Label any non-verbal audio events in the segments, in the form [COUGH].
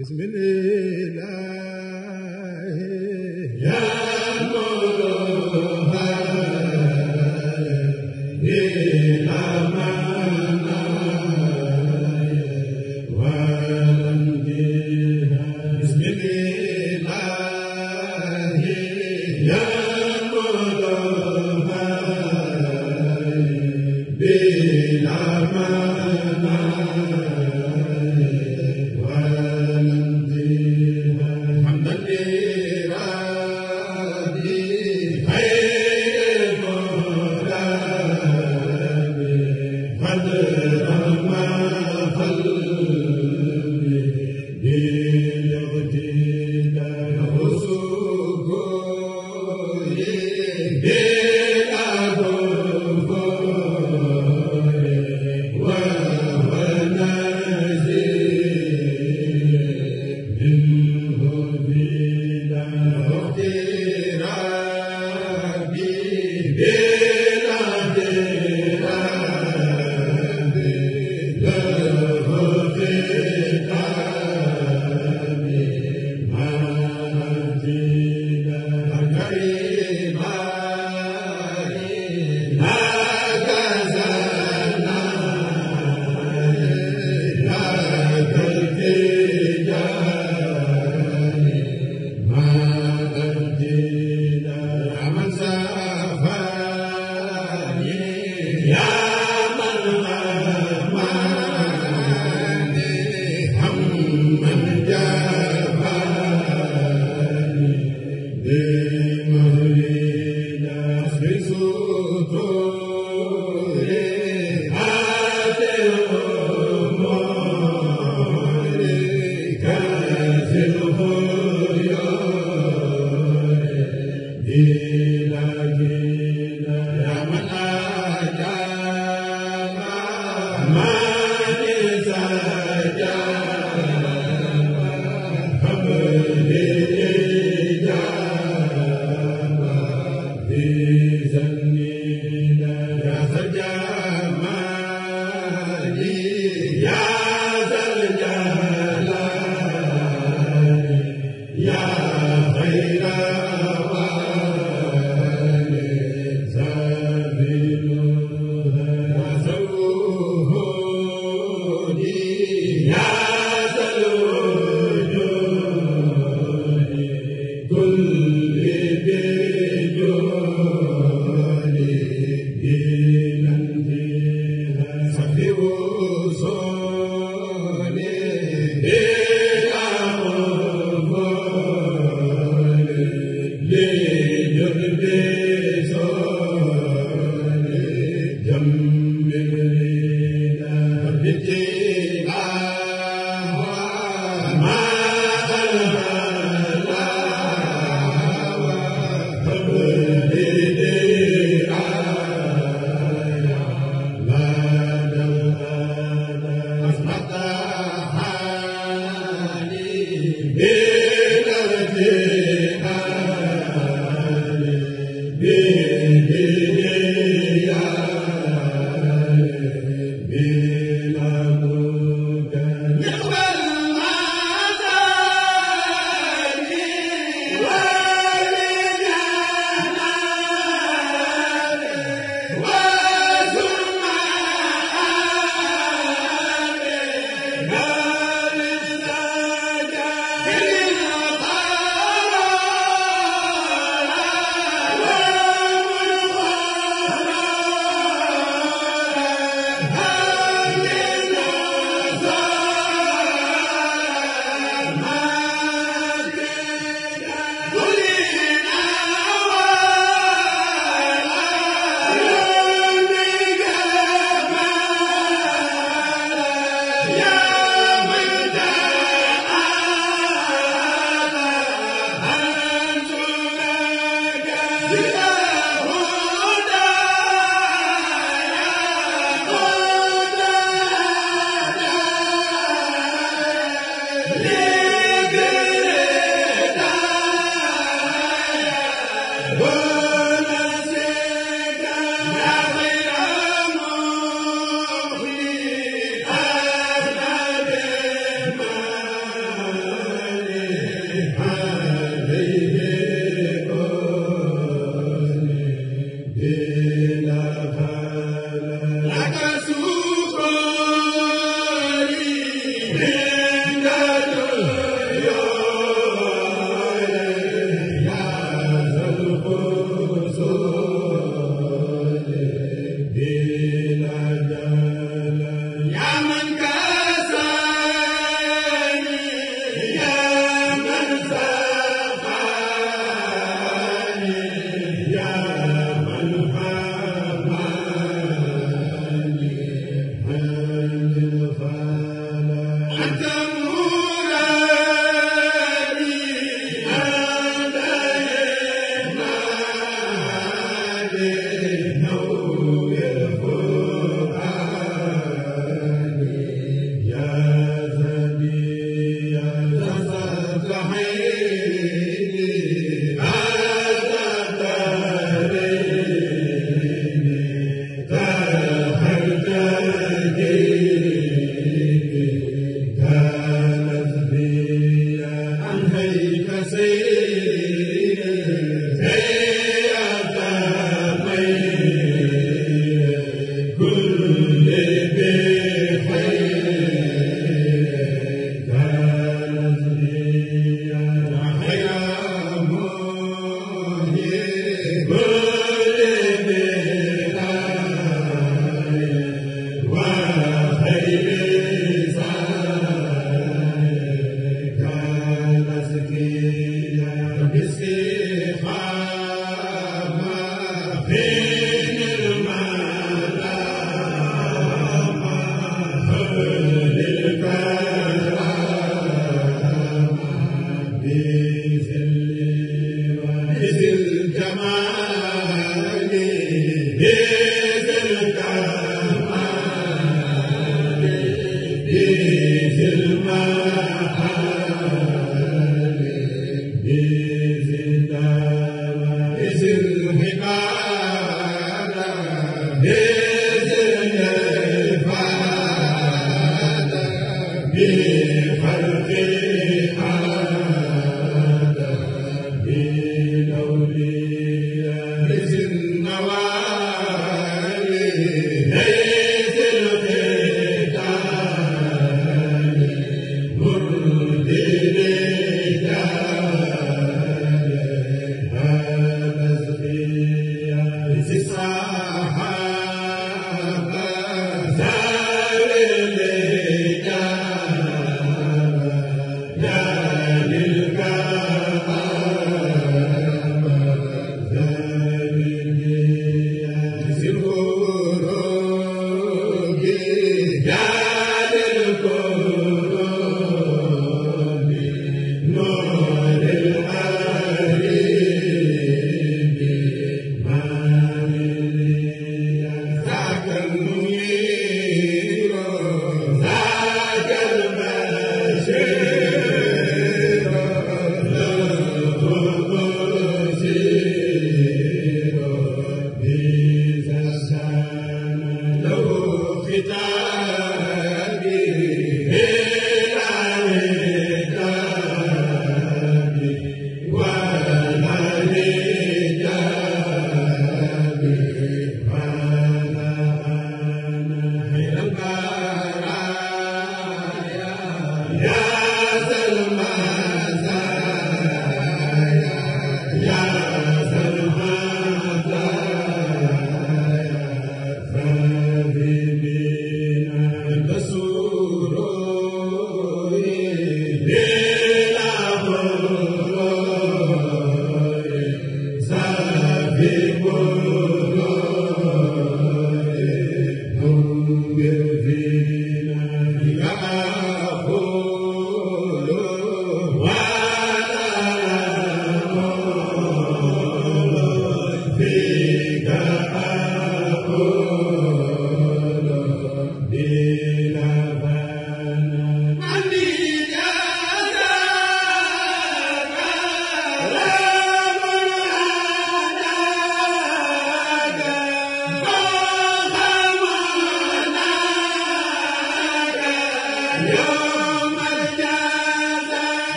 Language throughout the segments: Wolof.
bismillah Yeah. [LAUGHS]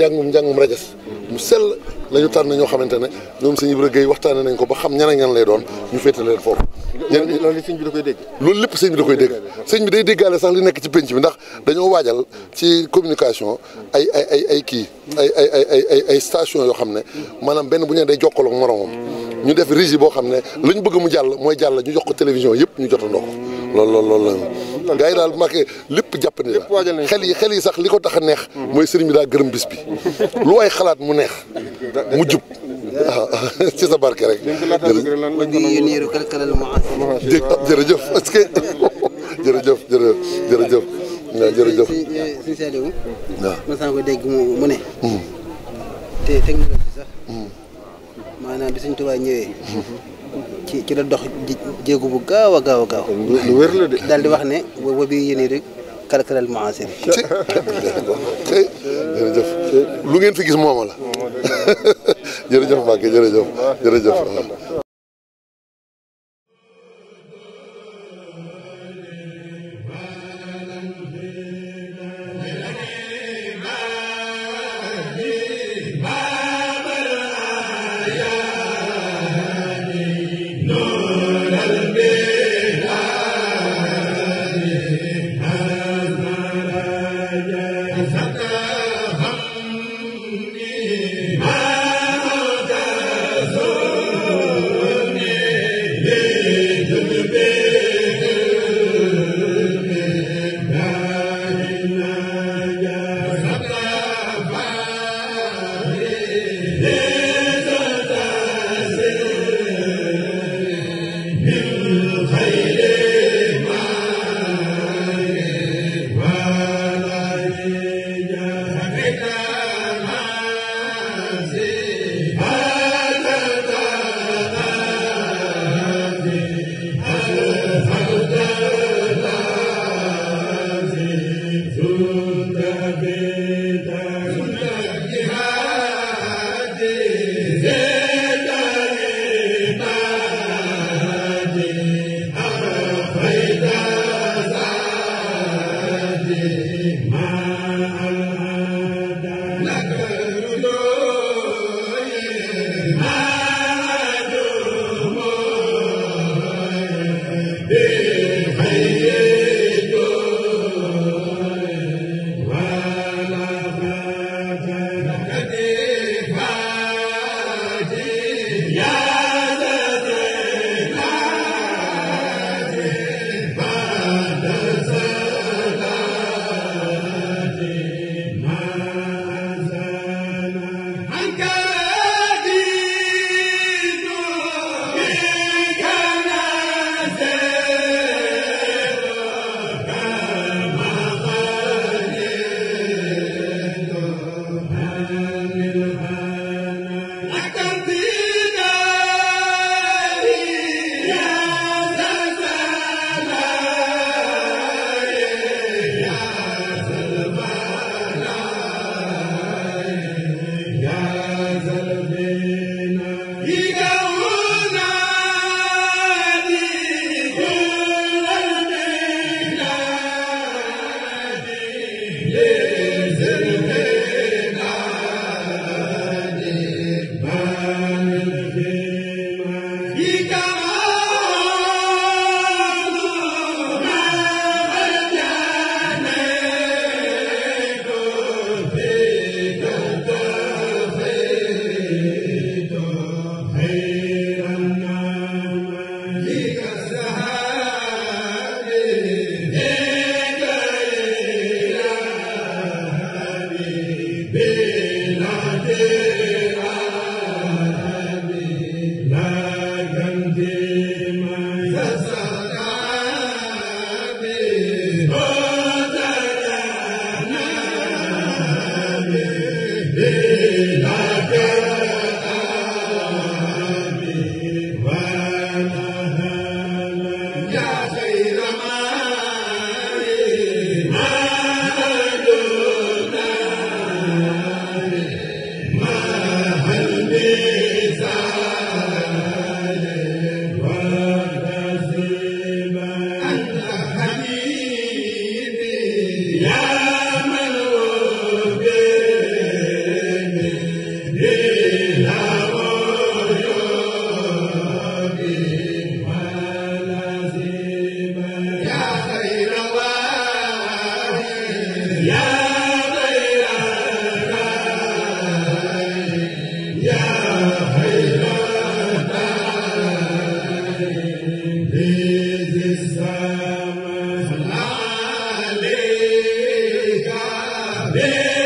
njàngum njàngum rajas mu sell la ñu tànn ñoo xamante ne ñoom sëñ Ibra Gueye waxtaane nañ ko ba xam ñan ak ñan lay doon ñu féetale leen foofu loolu sëñ bi da koy dégg loolu lépp sëñ bi da koy dégg sëñ bi day déggaale sax li nekk ci pénc bi ndax dañoo waajal ci communication ay ay ay ay kii ay ay ay ay ay ay station yoo xam ne maanaam benn bu ñu day jokkaloo ak moromam ñu def régie boo xam ne la ñu bëgg mu jàll mooy jàll ñu jox ko télévision yëpp ñu jotandoo ko loolu loolu loolu la gars yi daal Mbacké lépp jàpp ni la xel yi xel yi sax li ko tax a neex mm-hmm. mooy sëriñ bi daa gërëm bis bi lu waay xalaat mu neex mu jub [LAUGHS] ci sa barke rek jërëjëf est-ce que [LAUGHS] jërëjëf jërëjëf jërëjëf waaw jërëjëf si eh, si waaw ma saa ko dégg mu mu ne. Mm. Mm. maanaam bi suñ tubaab ñëwee. Mm-hmm. ci ci la dox jéego bu gaaw a gaaw a gaaw. lu wér la de. daal di wax ne wa bi yéen rek kalkalal mu ansé. jërëjëf lu ngeen fi gis mooma la [LAUGHS] jërëjëf Mbacke jërëjëf jërëjëf. Amen. Amen.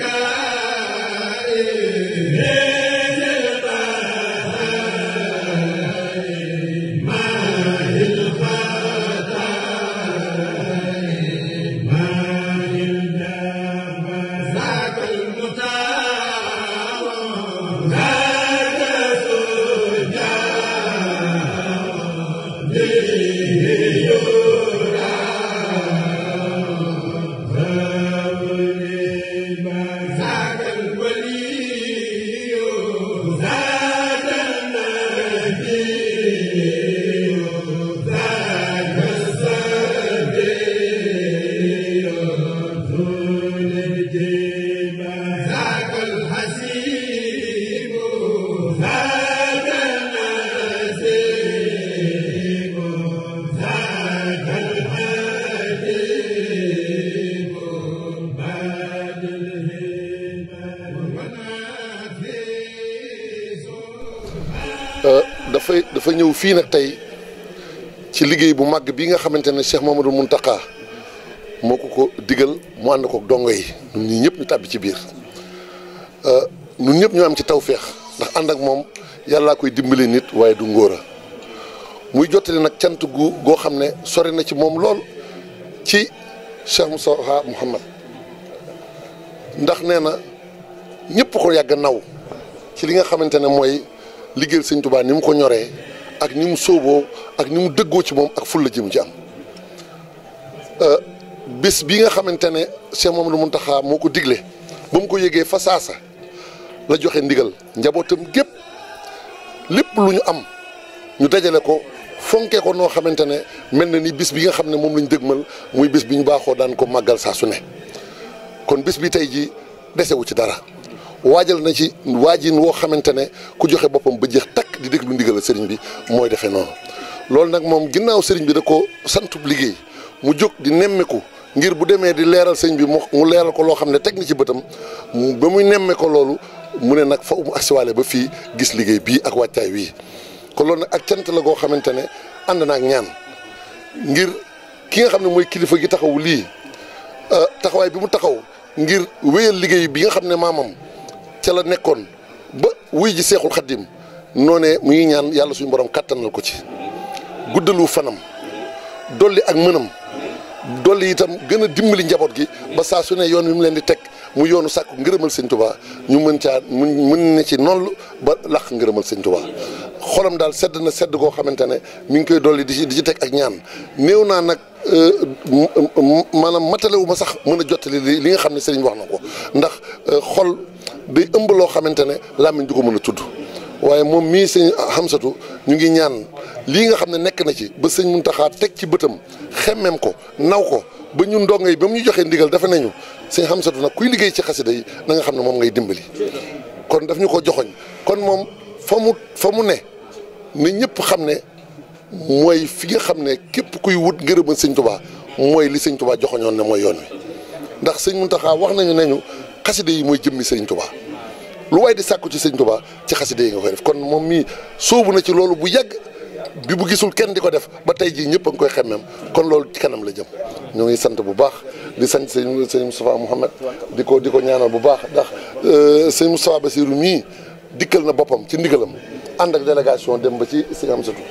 لك Euh, dafay dafa ñëw fii nag tey ci liggéey bu màgg bi nga xamante ne Cheikh Mamadou Mountakha moo ko ko digal mu ànd ko dongo yi ñun ñii ñëpp ñu tàbbi ci biir euh, ñun ñëpp ñu am ci tawféex ndax ànd ak moom yàllaa koy dimbali nit waaye du ngóora muy jottali nag cant gu goo xam ne sori na ci moom lool ci mu Moustapha Mouhamad ndax nee na ñëpp ko yàgg naw ci li nga xamante ne mooy liggéeyal sëñ Tuubaa ni mu ko ñoree ak ñu mu sóoboo ak ñu mu dëggoo ci moom ak fulla ji mu ci am euh, bés bi nga xamante ne moom Cheikh Mamadou Mountakha moo ko digle ba mu ko yëgee fa saasa la joxe ndigal njabootam gépp lépp lu ñu am ñu dajale ko fonkee ko noo xamante ne mel na ni bis bi nga xam ne moom lañ dëgmal muy bis bi ñu baaxoo daan ko màggal saa su ne kon bis bi tey ji desewu ci dara waajal na ci waajin woo xamante ne ku joxe boppam ba jeex takk di déglu ndigal sëriñ bi mooy defee noonu. loolu nag moom ginnaaw sëriñ bi da ko santub liggéey mu jóg di nemmeeku ngir bu demee di leeral sëriñ bi mu leeral ko loo xam ne teg na ci bëtam ba muy nemme ko loolu mu ne nag fa mu agsiwaale ba fii gis liggéey bii ak wàccaay wii kon loolu nag ak cant la goo xamante ne ànd naag ñaan ngir ki nga xam ne mooy kilifa gi taxawu lii euh, taxawaay bi mu taxaw ngir wéyal liggéey bi nga xam ne maamam ca la nekkoon ba wuy ji seexul xaddim noonee mu ngi ñaan yàlla suñu borom kàttanal ko ci guddalu fanam dolli ak mënam dolli yitam gën dimbali njaboot gi ba saa su ne yoon wi mu leen di teg mu yoonu sàkku ngërëmal sëñ Tuubaa ñu mën caa mu mën na ci noonu ba làq ngërëmal sëñ Tuubaa xolam daal sedd na sedd goo xamante ne mi ngi koy dolli di ci di teg ak ñaan néew naa nag euh, maanaam matalewu ma sax mën a jottali li nga xam ne sëriñ wax na ko ndax euh, xol day ëmb loo xamante ne làmmiñ du ko mën a tudd waaye moom mii sëñ Hamsatu ñu ngi ñaan lii nga xam ne nekk na ci ba sëñ Muntaxa teg ci bëtam xemmeem ko naw ko ba ñun ndongo yi ba mu ñu joxee ndigal dafa nañu sëñ Hamsatu nag kuy liggéey ci xasida yi na nga xam ne moom ngay dimbali kon daf ñu ko joxoñ kon moom fa mu fa mu ne ne ñëpp xam ne mooy fi nga xam ne képp kuy wut ngërëmal sëñ Tubaa mooy li sëñ Tubaa joxoñoon ne mooy yoon wi ndax sëñ Muntaxa wax nañu nañu xaside yi mooy jëmmi sëriñ tubaa lu waaye di sàkku ci sëriñ tubaa ci xaside yi nga koy def kon moom mii soobu na ci loolu bu yàgg bi bu gisul kenn di ko def ba tey jii ñëpp a ngi koy xemmeem kon loolu ci kanam la jëm ñoo ngi sant bu baax di sañ sëñ sëñ Moustapha Mouhamed di ko di ko ñaanal bu baax ndax euh, sëñ Moustapha Bassirou mii dikkal na boppam ci ndigalam ànd ak délégation dem ba ci sëñ Amsatou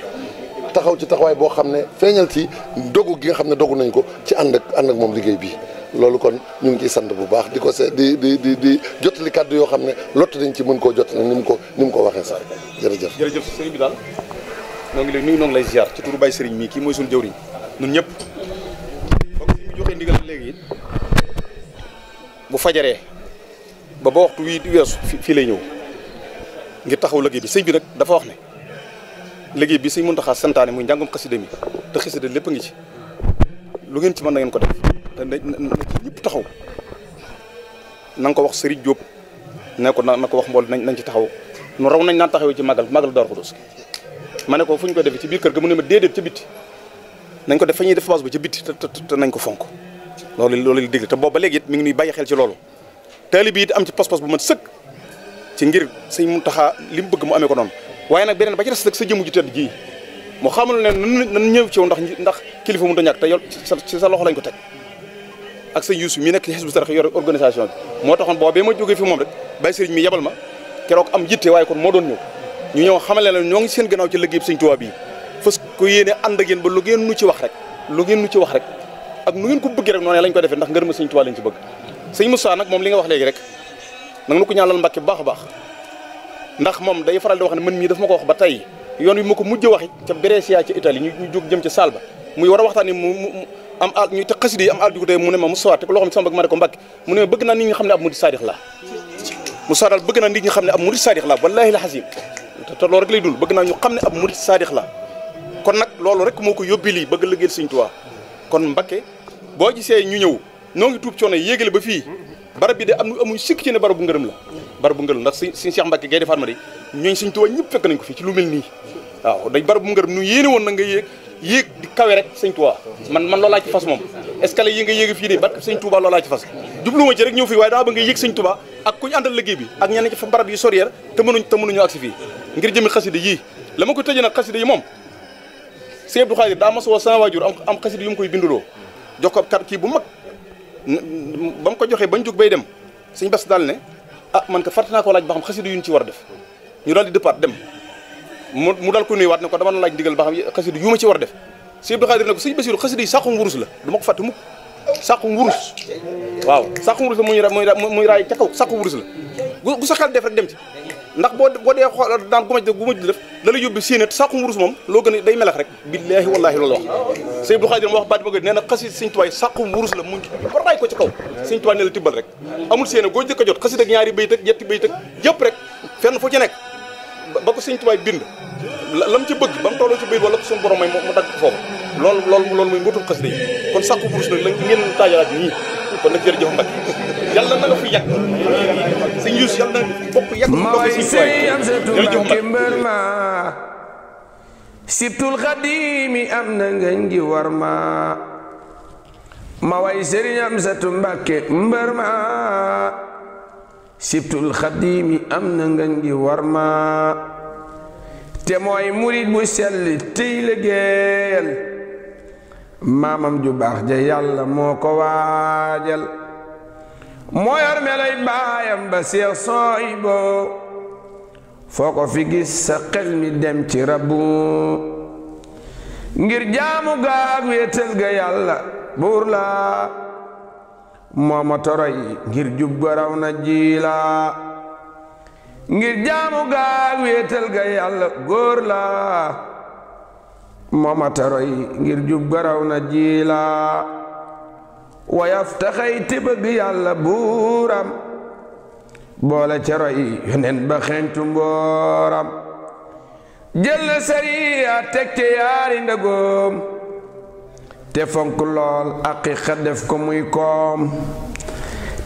taxaw ci taxawaay boo xam ne feeñal ci dogu gi nga xam ne dogu nañ ko ci ànd ak ànd ak moom liggéey bi loolu kon ñu ngi ciy sant bu baax di ko se di di di di jottali kàddu yoo xam ne lott nañ ci mën ko jot na ni mu ko ni mu ko waxee sax jërëjëf. jërëjëf sëriñ bi daal ñoo ngi lay nuyu ñoo ngi lay ziar ci turu Baye Serigne mii kii mooy suñu jëwriñ ñun ñëpp. donc ñu joxe ndigal léegi bu fajaree ba ba waxtu wii weesu fii lay ñëw ngir taxaw liggéey bi sëñ bi nag dafa wax ne. liggéey bi suñ Muntaxa santaane muy njàngum xasida mi te xasida lépp a ngi ci lu ngeen ci mën na ngeen ko def te na ci taxaw na nga ko wax Serigne Diop na na ko wax mbool nañ nañ ci taxaw nu raw nañ naan taxawee ci màggal màggal Daaru Xudoos ma ne ko fu ñu ko defee ci biir kër ga mu ne ma déedéet ca bitti nañ ko def fa ñuy def base ba ca bitti te te nañ ko fonk loolu loolu la digle te boobu ba léegi it mi ngi nuy bàyyi xel ci loolu taalibe yi it am ci pas-pas bu mën sëkk ci ngir Sëñ taxa li mu bëgg mu amee ko noonu waaye nag beneen ba ci sa nag sa jëmm ju tedd ji mu xamul ne nan ñëw ci yow ndax ndax kilifa mënut a ñàkk te yow ci sa loxo lañ ko teg ak sa yuusu mii nekk ci Hizbut Tarqiyyah yor organisation bi moo taxoon boo bee ma jógee fi moom rek bàyyi sëriñ mi yebal ma keroog am yitte waaye kon moo doon ñëw ñu ñëw xamale la ñoo ngi seen gannaaw ci liggéey sëñ Tuubaa bii fas ko yéene ànd a yéen ba lu nu ci wax rek lu ngeen nu ci wax rek ak nu ngeen ko bëggee rek noonu lañ ko defee ndax ngërëm sëñ Tuubaa lañ ci bëgg sëñ Moussa nag moom li nga wax léegi rek nag nu ko ñaanal Mbàkke bu baax a ndax moom day faral di wax ne mën mii daf ma ko wax ba tey yoon wi ma ko mujj waxi ca Brescia ca Italie ñu jóg jëm ca Salba muy war a waxtaan ni mu am al ñu te xasida yi am al dugute mu ne ma mu sowaat te ko loo ne mu ne bëgg naa nit ñi xam ne ab mu sowaat daal bëgg naa nit ñi xam saadix la wallahi la xasim te loolu rek dul bëgg naa ñu xam ne ab murid saadix la kon nag loolu rek moo ko yóbbi lii bëgg liggéeyal Sëriñ Tuubaa kon Mbakke boo gisee ñu ñëw noo ngi tuub coono yéegale ba fii barab bi de am amuñ sikk ci ne barab bu ngërëm la barabu ngërëm ndax suñ suñ Cheikh Mbacke Gaïndé Fatma di ñooñ suñ Tuubaa ñëpp woon na nga yéeg yéeg di kawe rek sëñ Tuubaa man man loolaa ci fas moom escalier yi nga yéegi fii nii barke sëñ Tuubaa loolaa ci fas jubluwuma ci rek ñëw fii waaye daa ba nga yéeg sëñ Tuubaa ak barab yi sorier te mënuñ te agsi fii ngir jëmi xasida yii la ma ko tëjee nag xasida yi moom Sëñ Abdou Khadir daa masoo sama waajur am am xasida yu mu koy binduloo jox ko kii bu mag ba mu ko joxee bañ jóg bay dem sëñ bas daal ne ah man ka fàtte naa ko laaj ba xam xasida yu ñu ci war a def ñu daal di départ dem mu mu daal ko nuyuwaat ne ko dama na laaj ndigal ba xam xasida yu ma ci war a def sëñ Abdou Khadir ne ko sëñ Basiru xasida yi sàqum wurus la du ma ko fàtte sa sàqum wurus waaw sàqum wurus la muy muy muy raay ca kaw sàqum wurus la gu sa xel def rek dem ci ndax boo boo dee xool daan gu maj gu maj def la yóbbi séenéet sàkku wurus moom loo gën a day melax rek billaahi wallaahi loolu wax sëñ Abdou Khadir ma na xasi sëñ tuwaay sàkku wurus la muñ baraay ko ci kaw sëñ tuwaay ne la tibbal rek a jot xasi ak ñaari bayit ak ñetti bayit ak yëpp rek fenn fu ci nekk ba ko sëñ tuwaay bind lam ci bëgg ba mu tolloo ci bayit wala ko suñu borom may mu dagg foofu loolu lool loolu mooy mbuutum xasida yi kon sàkku wurus nag la ngeen taajalaat nii kon nag jërëjëf Mbacke yàlla na la fi yàgg sëñ Youssou yàlla na sibtul xadimi am na ngeen gi war ma ma way sëriñ Amsatu Mbàkke mbër ma sibtul xadimi am na ngeen war ma te mooy murit bu sell tey liggéeyal maamam ju baax ja yàlla moo ko waajal moo yor baayam ba seex sooy boo foo ko fi gis sa xel mi dem ci rabbu ngir jaamu gaag wéetal ga yàlla buur laa moo ma toroy ngir jub ga raw na jiila ngir jaamu gaag wéetal ga yàlla góor laa momataroy ngir jub garaw na jiilaa wayaf taxay ti bëgg yàlla buuram boole ceroy yonen ba xentu mbooram jël sariya teg ci yaari ndëgoom te fonk lool aqiqa def ko muy koom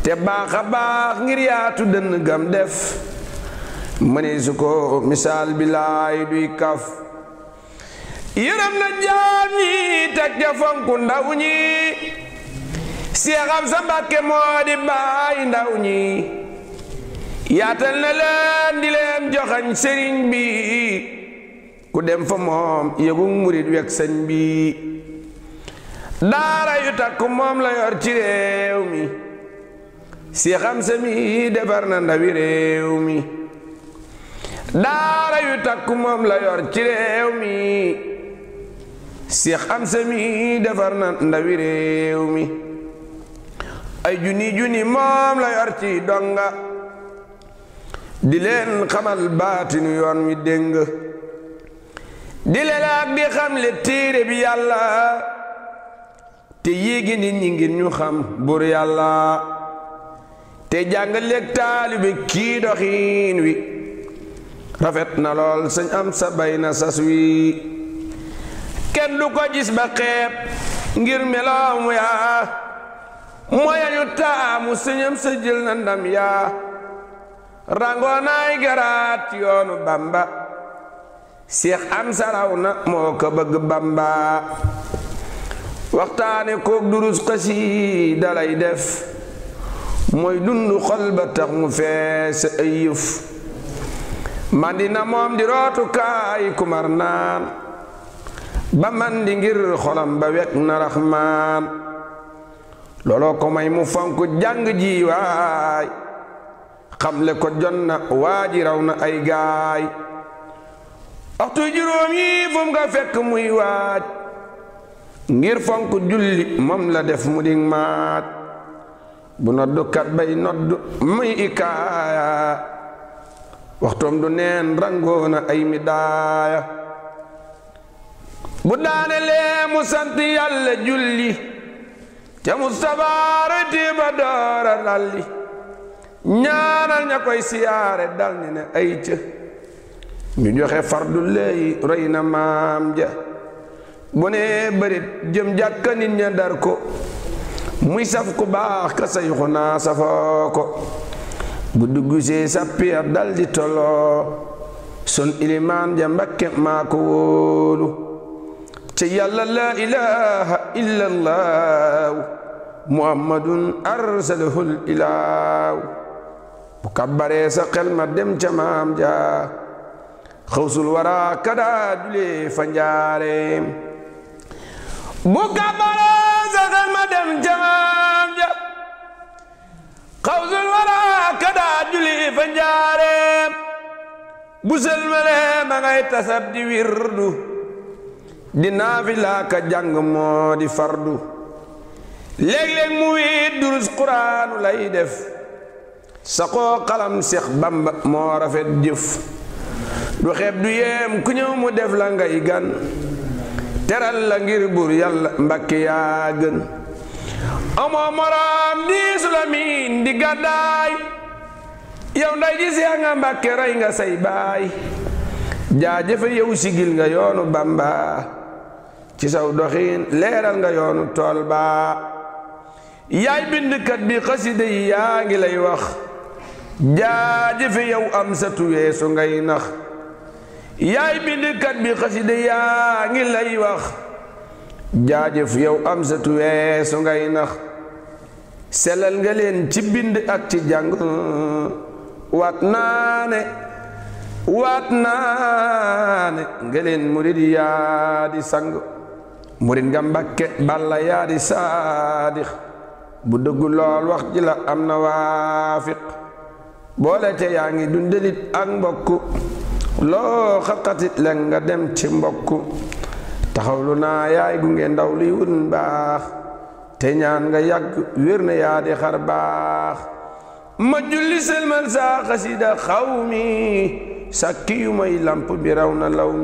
te baax baax ngir yaatu dënn gam def mëni su ko misaal bi duy kaf yërëm na jaam ñi teg ca fonku ndaw ñi seexam sa mbàkke moo di baay ndaw ñi yaatal na leen di leen joxañ sëriñ bi ku dem fa moom yëgu murit wek sëñ bi daara yu takku moom la yor ci réew mi seexam sa mi defar na ndawi réew mi daara yu takku moom la yor ci réew mi si Amsa mi defar na ndawi réew mi ay junni junni moom la yor ci donga di leen xamal baatinu yoon wi déng di lelaak di xam le téere bi yàlla te yéegi nit ñi ngir ñu xam bur yàlla te jàngaleeg taalibe kii doxiin wi rafet na lool sëñ Amsa bay na sas wi kenn du ko gis ba xeeb ngir meloom yaa moyañu taamu sëñam sa jël na yaa rangoonaay garaat yoonu bamba seex am saraw na moo ko bëgg bamba waxtaane koog durus xasi dalay def mooy dundu xol tax mu fees ay yëf man dina moom di rootu kaay kumar naan ba man di ngir xolam ba wek na raxmaan looloo ko may mu fonk jàng ji waay xamle ko jot na waa ji raw na ay gaay waxtu juróom yi fu nga fekk muy waaj ngir fonk julli moom la def mu ding maat bu noddukat bay noddu muy ikaaya waxtoom du neen rangoona ay midaaya bu daane lee mu sant yàlla julli te Mustafa retiba doora lalli ñaanal ña koy siyaare dal ni ne ay ñu joxe fardu leey roy na maam ja bu ne bërit jëm jàkka nit ña dar ko muy saf ku baax ka sayxu naa safoo ko bu duggsee sa pier dal di toloo sun ja mbakke maa ko wóolu te yàlla laa ilaha illa allahu muhammadun arsalahul ilaaw sa xel dem ca ja xawsul wara kada dule fa njaare bu kabbaree sa xel ma di naafila ka jàng moo di fardu léeg-léeg mu wiit durus quraanu lay def sa koo xalam seex bamba moo rafet jëf du xeeb du yéem ku ñëw mu def la ngay gan teral la ngir bur yàlla mbakke yaa gën amoo moroom di sulamin di gàddaay yow nday ji see nga mbakke rey nga say baay jaajëfe yow sigil nga yoonu bamba ci saw doxiin leeral nga yoonu tool baa yaay bindkat bi xaside yi yaa ngi lay wax jaajëfe yow am sa tuweesu ngay nax yaay bindkat bi xaside yaa ngi lay wax jaajëf yow am sa tuweesu ngay nax selal nga leen ci bind ak ci jàng waat naa waat naa nga leen murid yaa di sang murit nga mbakke balla yaadi saadix bu dëggu lool wax ji la am na waafiq boole te yaa ngi dundelit ak mbokku loo xaqatit len nga dem ci mbokku taxawlu naa yaay gu ndaw luy wun baax te ñaan nga yàgg wér na yaa xar baax ma julli selmal saa xasida xaw mi sakki yu may lamp bi raw na law